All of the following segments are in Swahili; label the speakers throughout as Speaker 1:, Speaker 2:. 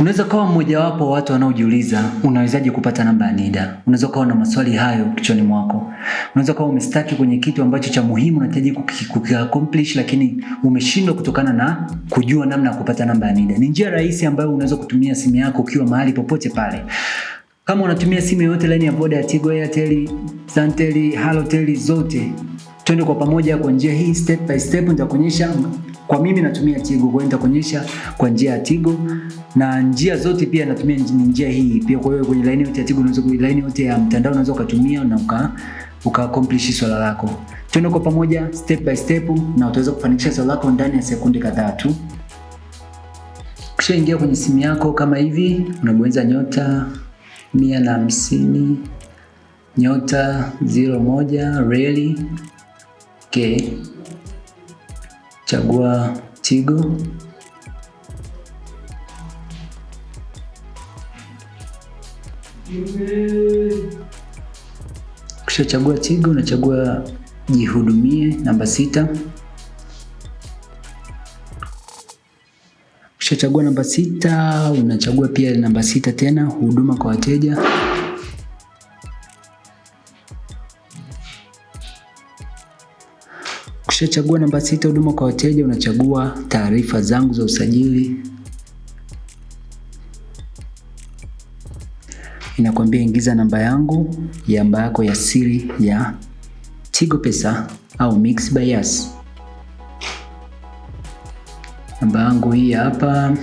Speaker 1: Unaweza kuwa mmoja wapo watu wanaojiuliza unawezaje kupata namba ya NIDA. Unaweza kuwa na maswali hayo kichwani mwako. Unaweza kuwa umestaki kwenye kitu ambacho cha muhimu unahitaji kukiaccomplish, lakini umeshindwa kutokana na kujua namna ya kupata namba ya NIDA. Ni njia rahisi ambayo unaweza kutumia simu yako ukiwa mahali popote pale. Kama unatumia simu yoyote, laini ya Voda, ya Tigo, Airtel, Zantel, Halotel zote, twende kwa pamoja. Kwa njia hii step by step nitakuonyesha kwa mimi natumia Tigo hiyo nitakuonyesha kwa njia ya Tigo na njia zote pia natumia ni njia hii pia. Kwa hiyo kwenye laini yote ya Tigo unaweza, laini yote ya mtandao unaweza ukatumia na uka uka accomplish swala lako. Twende kwa pamoja step by step, na utaweza kufanikisha swala lako ndani ya sekunde kadhaa tu. Ukishaingia kwenye simu yako kama hivi, unabonyeza nyota mia na hamsini nyota zero moja reli really. Okay chagua Tigo. Ukishachagua Tigo unachagua jihudumie namba sita. Ukishachagua namba sita unachagua pia namba sita tena huduma kwa wateja. Ukishachagua namba sita, huduma kwa wateja, unachagua taarifa zangu za usajili. Inakwambia ingiza namba yangu ya namba yako ya siri ya Tigo Pesa au Mix by Yas. Namba yangu hii hapa.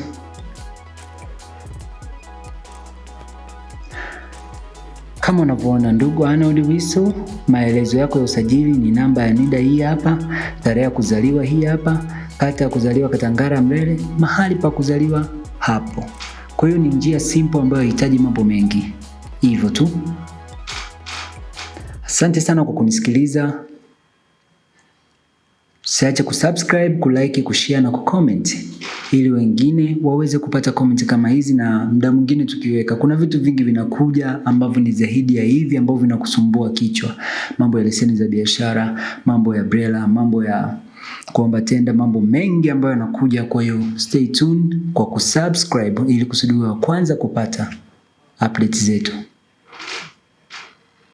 Speaker 1: Kama unavyoona ndugu Arnold Wiso, maelezo yako ya usajili ni namba ya NIDA hii hapa, tarehe ya kuzaliwa hii hapa, kata ya kuzaliwa Katangara Mlele, mahali pa kuzaliwa hapo. Kwa hiyo ni njia simple ambayo haihitaji mambo mengi, hivyo tu. Asante sana kwa kunisikiliza. Usiache kusubscribe, kulike, kushare na kucomment ili wengine waweze kupata comment kama hizi, na muda mwingine tukiweka, kuna vitu vingi vinakuja ambavyo ni zaidi ya hivi ambavyo vinakusumbua kichwa, mambo ya leseni za biashara, mambo ya BRELA, mambo ya kuomba tenda, mambo mengi ambayo yanakuja. Kwa hiyo stay tuned kwa kusubscribe ili kusudiwa wa kwanza kupata updates zetu.